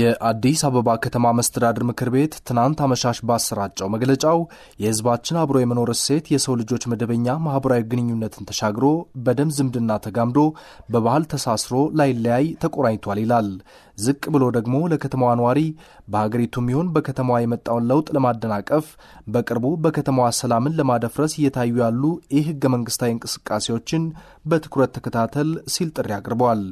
የአዲስ አበባ ከተማ መስተዳድር ምክር ቤት ትናንት አመሻሽ ባሰራጨው መግለጫው የሕዝባችን አብሮ የመኖር እሴት የሰው ልጆች መደበኛ ማህበራዊ ግንኙነትን ተሻግሮ በደም ዝምድና ተጋምዶ በባህል ተሳስሮ ላይለያይ ተቆራኝቷል ይላል። ዝቅ ብሎ ደግሞ ለከተማዋ ነዋሪ በሀገሪቱም ይሁን በከተማዋ የመጣውን ለውጥ ለማደናቀፍ በቅርቡ በከተማዋ ሰላምን ለማደፍረስ እየታዩ ያሉ ይህ ህገ መንግስታዊ እንቅስቃሴዎችን በትኩረት ተከታተል ሲል ጥሪ አቅርበዋል።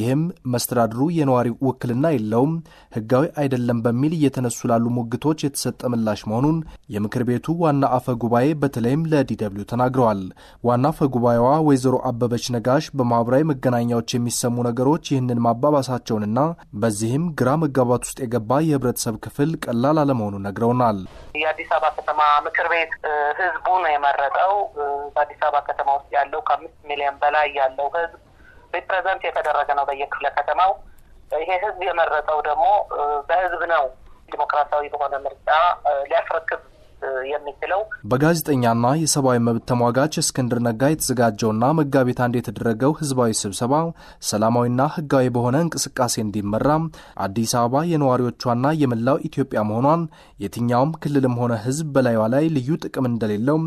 ይህም መስተዳድሩ የነዋሪ ውክልና የለውም፣ ህጋዊ አይደለም በሚል እየተነሱ ላሉ ሙግቶች የተሰጠ ምላሽ መሆኑን የምክር ቤቱ ዋና አፈ ጉባኤ በተለይም ለዲደብልዩ ተናግረዋል። ዋና አፈ ጉባኤዋ ወይዘሮ አበበች ነጋሽ በማኅበራዊ መገናኛዎች የሚሰሙ ነገሮች ይህንን ማባባሳቸውንና በዚህም ግራ መጋባት ውስጥ የገባ የህብረተሰብ ክፍል ቀላል አለመሆኑን ነግረውናል። የአዲስ አበባ ከተማ ምክር ቤት ህዝቡ ነው የመረጠው። በአዲስ አበባ ከተማ ውስጥ ያለው ከአምስት ሚሊዮን በላይ ያለው ህዝብ ሪፕሬዘንት የተደረገ ነው በየክፍለ ከተማው። ይሄ ህዝብ የመረጠው ደግሞ በህዝብ ነው ዲሞክራሲያዊ በሆነ ምርጫ ሊያስረክብ የሚችለው። በጋዜጠኛና የሰብአዊ መብት ተሟጋች እስክንድር ነጋ የተዘጋጀውና መጋቢት አንድ የተደረገው ህዝባዊ ስብሰባ ሰላማዊና ህጋዊ በሆነ እንቅስቃሴ እንዲመራ አዲስ አበባ የነዋሪዎቿና የመላው ኢትዮጵያ መሆኗን የትኛውም ክልልም ሆነ ህዝብ በላይዋ ላይ ልዩ ጥቅም እንደሌለው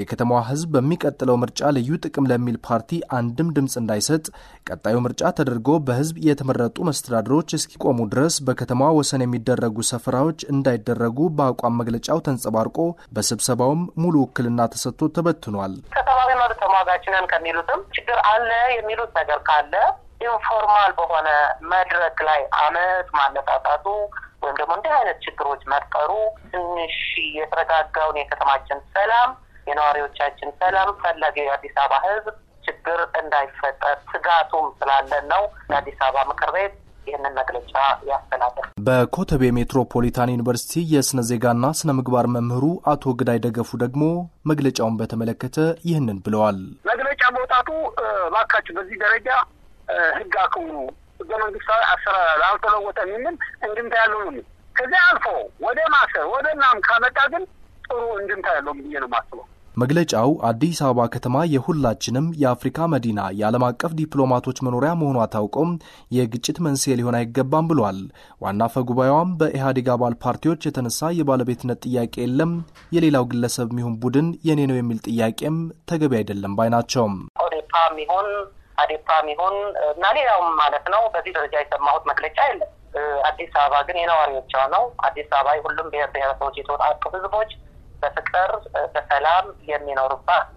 የከተማዋ ህዝብ በሚቀጥለው ምርጫ ልዩ ጥቅም ለሚል ፓርቲ አንድም ድምፅ እንዳይሰጥ ቀጣዩ ምርጫ ተደርጎ በህዝብ የተመረጡ መስተዳድሮች እስኪቆሙ ድረስ በከተማዋ ወሰን የሚደረጉ ሰፈራዎች እንዳይደረጉ በአቋም መግለጫው ተንጸባርቆ በ ለስብሰባውም ሙሉ ውክልና ተሰጥቶ ተበትኗል። ከተባቢ መብት ተሟጋች ከሚሉትም ችግር አለ የሚሉት ነገር ካለ ኢንፎርማል በሆነ መድረክ ላይ አመት ማነጣጣቱ ወይም ደግሞ እንዲህ አይነት ችግሮች መፍጠሩ ትንሽ የተረጋጋውን የከተማችን ሰላም፣ የነዋሪዎቻችን ሰላም ፈላጊው የአዲስ አበባ ህዝብ ችግር እንዳይፈጠር ስጋቱም ስላለን ነው የአዲስ አበባ ምክር ቤት ይህንን መግለጫ ያስተላለፍ። በኮተቤ ሜትሮፖሊታን ዩኒቨርሲቲ የስነ ዜጋና ስነ ምግባር መምህሩ አቶ ግዳይ ደገፉ ደግሞ መግለጫውን በተመለከተ ይህንን ብለዋል። መግለጫ መውጣቱ እባካችሁ በዚህ ደረጃ ህግ አክብሩ፣ ህገ መንግስታዊ አሰራር አልተለወጠ የሚል እንድምታ ያለው ከዚያ አልፎ ወደ ማሰር ወደ ናም ካመጣ ግን ጥሩ እንድምታ ያለው ብዬ ነው የማስበው። መግለጫው አዲስ አበባ ከተማ የሁላችንም የአፍሪካ መዲና የዓለም አቀፍ ዲፕሎማቶች መኖሪያ መሆኗ ታውቆም የግጭት መንስኤ ሊሆን አይገባም ብሏል። ዋና አፈ ጉባኤዋም በኢህአዴግ አባል ፓርቲዎች የተነሳ የባለቤትነት ጥያቄ የለም፣ የሌላው ግለሰብ ሚሆን ቡድን የኔ ነው የሚል ጥያቄም ተገቢ አይደለም ባይ ናቸው። ኦዴፓ ሚሆን አዴፓ ሚሆን እና ሌላውም ማለት ነው በዚህ ደረጃ የሰማሁት መግለጫ የለም። አዲስ አበባ ግን የነዋሪዎቿ ነው። አዲስ አበባ ሁሉም ብሔር ብሔረሰቦች የተወጣጡ ህዝቦች በፍቅር በሰላም የሚኖሩባት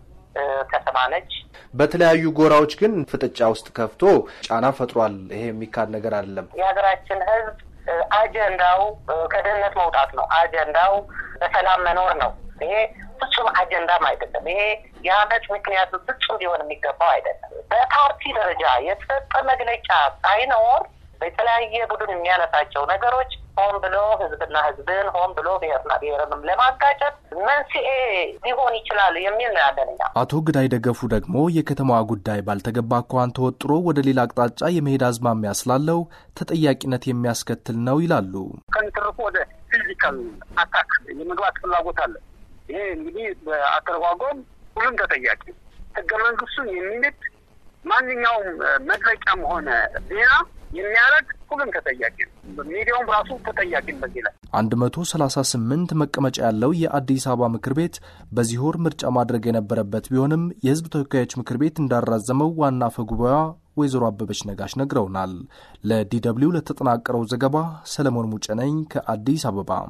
ከተማ ነች። በተለያዩ ጎራዎች ግን ፍጥጫ ውስጥ ከፍቶ ጫና ፈጥሯል። ይሄ የሚካድ ነገር አይደለም። የሀገራችን ህዝብ አጀንዳው ከድህነት መውጣት ነው። አጀንዳው በሰላም መኖር ነው። ይሄ ፍጹም አጀንዳም አይደለም። ይሄ የአመፅ ምክንያቱ ፍጹም ሊሆን የሚገባው አይደለም። በፓርቲ ደረጃ የተሰጠ መግለጫ ሳይኖር በተለያየ ቡድን የሚያነሳቸው ነገሮች ሆን ብሎ ህዝብና ህዝብን ሆን ብሎ ብሔርና ብሔርንም ለማጋጨት መንስኤ ሊሆን ይችላል የሚል ነው ያለን አቶ ግዳይ ደገፉ ደግሞ የከተማዋ ጉዳይ ባልተገባ አኳኋን ተወጥሮ ወደ ሌላ አቅጣጫ የመሄድ አዝማሚያ ስላለው ተጠያቂነት የሚያስከትል ነው ይላሉ። ከሚተርፉ ወደ ፊዚካል አታክ የመግባት ፍላጎት አለ። ይሄ እንግዲህ በአተረጓጎም ሁሉም ተጠያቂ ህገ መንግስቱን የሚንድ ማንኛውም መግለጫም ሆነ ዜና የሚያደርግ ሁሉም ተጠያቂ ነው። ሚዲያውም ራሱ ተጠያቂነት ይላል። አንድ መቶ ሰላሳ ስምንት መቀመጫ ያለው የአዲስ አበባ ምክር ቤት በዚህ ወር ምርጫ ማድረግ የነበረበት ቢሆንም የህዝብ ተወካዮች ምክር ቤት እንዳራዘመው ዋና አፈ ጉባኤዋ ወይዘሮ አበበች ነጋሽ ነግረውናል። ለዲ ደብልዩ ለተጠናቀረው ዘገባ ሰለሞን ሙጨነኝ ከአዲስ አበባ